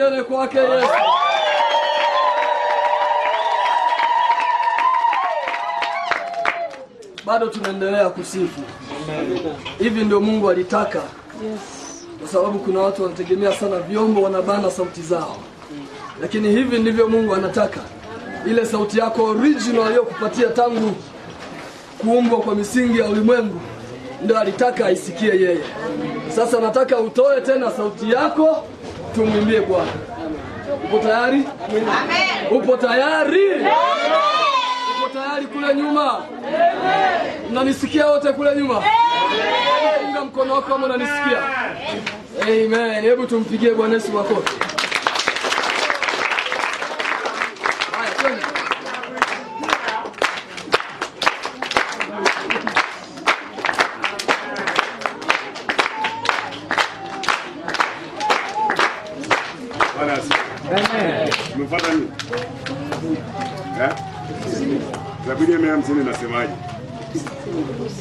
uwielbiony kwake jest. Bado tunaendelea kusifu. Hivi ndio Mungu alitaka, kwa sababu kuna watu wanategemea sana vyombo, wanabana sauti zao, lakini hivi ndivyo Mungu anataka ile sauti yako original aliyokupatia tangu kuumbwa kwa misingi ya ulimwengu ndio alitaka aisikie yeye. Sasa nataka utoe tena sauti yako Tumwimbie Bwana. Upo tayari? Upo tayari? Upo tayari kule nyuma? Mnanisikia wote kule nyuma? Unga mkono wako kama unanisikia. Amen. Hebu tumpigie Bwana Yesu makofi. mzuri nasemaje?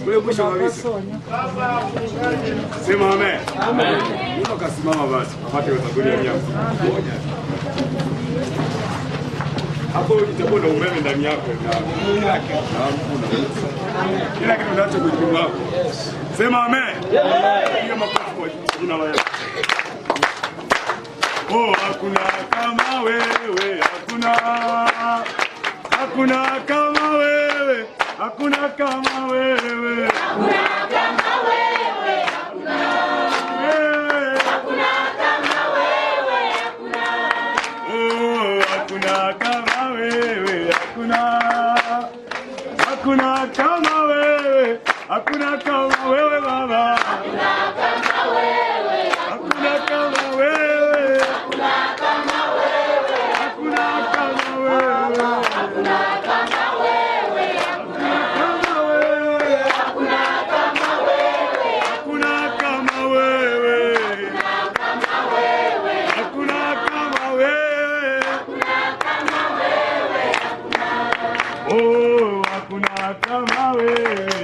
Kule mwisho kabisa. Sema amen. Amen. Mbona kasimama basi? Apate sabuni ya mia moja. Hapo itakuwa na umeme ndani yako na mwili wake na mtu kila kitu unacho kwenye mwili wako. Sema amen. Amen. Hiyo makofi kwa jina la Yesu. Oh, hakuna kama wewe, hakuna. Hakuna kama wewe wewe, hakuna kama wewe, hakuna kama wewe, hakuna kama wewe, hakuna oh, kama wewe, hakuna kama wewe, hakuna kama wewe baba Atamawe.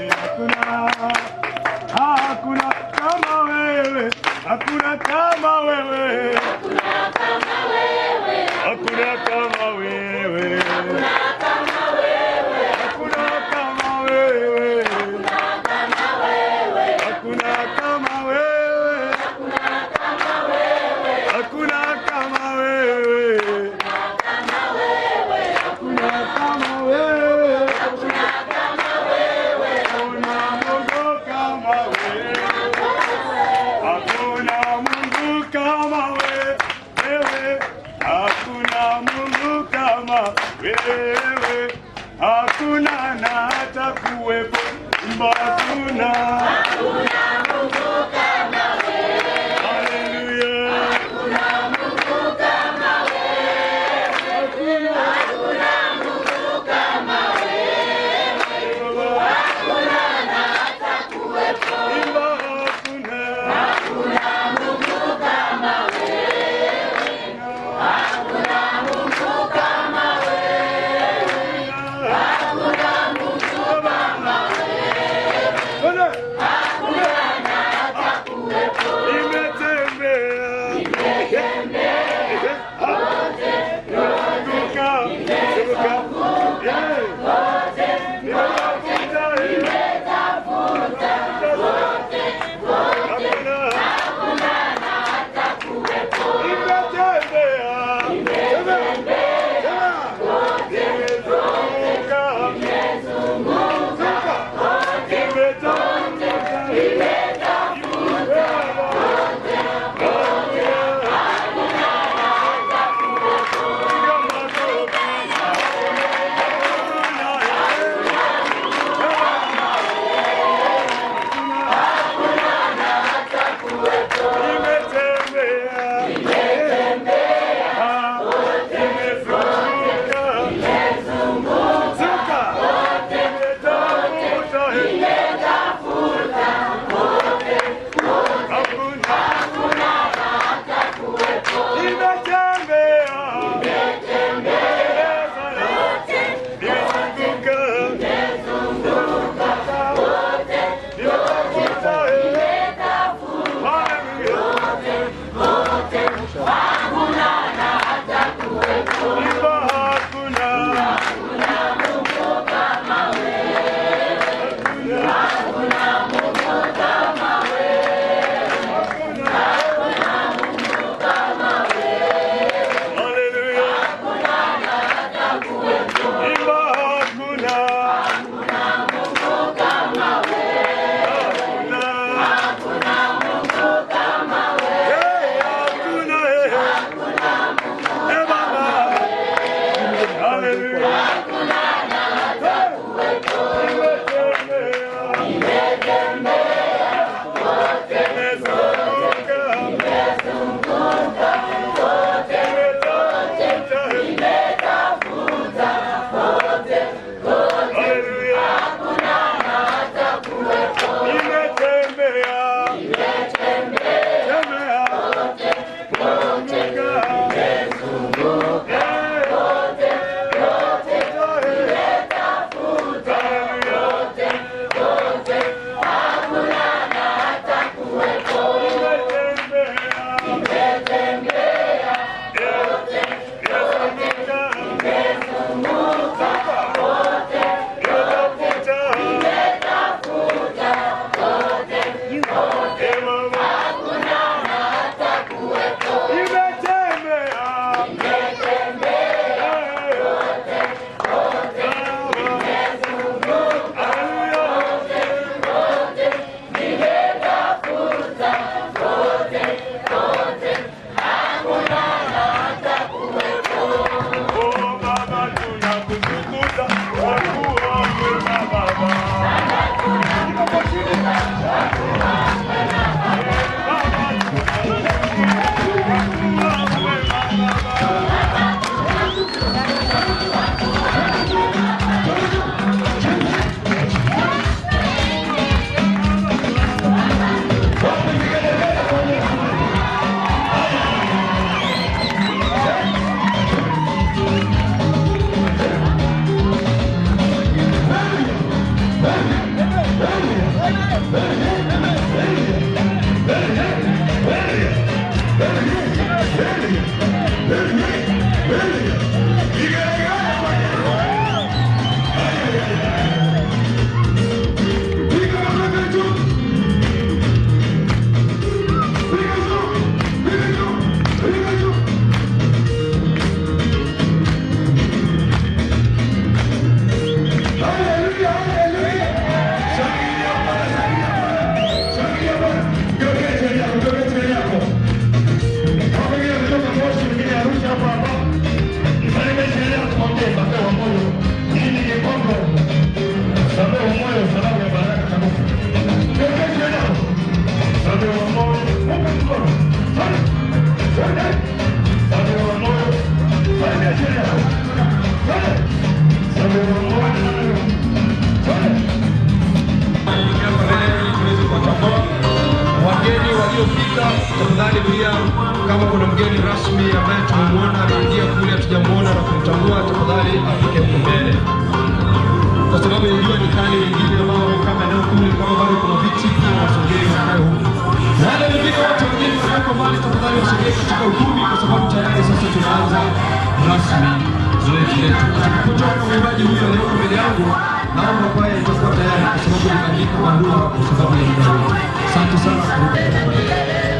kutoka mwimbaji huyo leo mbele yangu, naomba kwaya itakuwa tayari kwa sababu limeandika barua kwa sababu ya muda. Asante sana.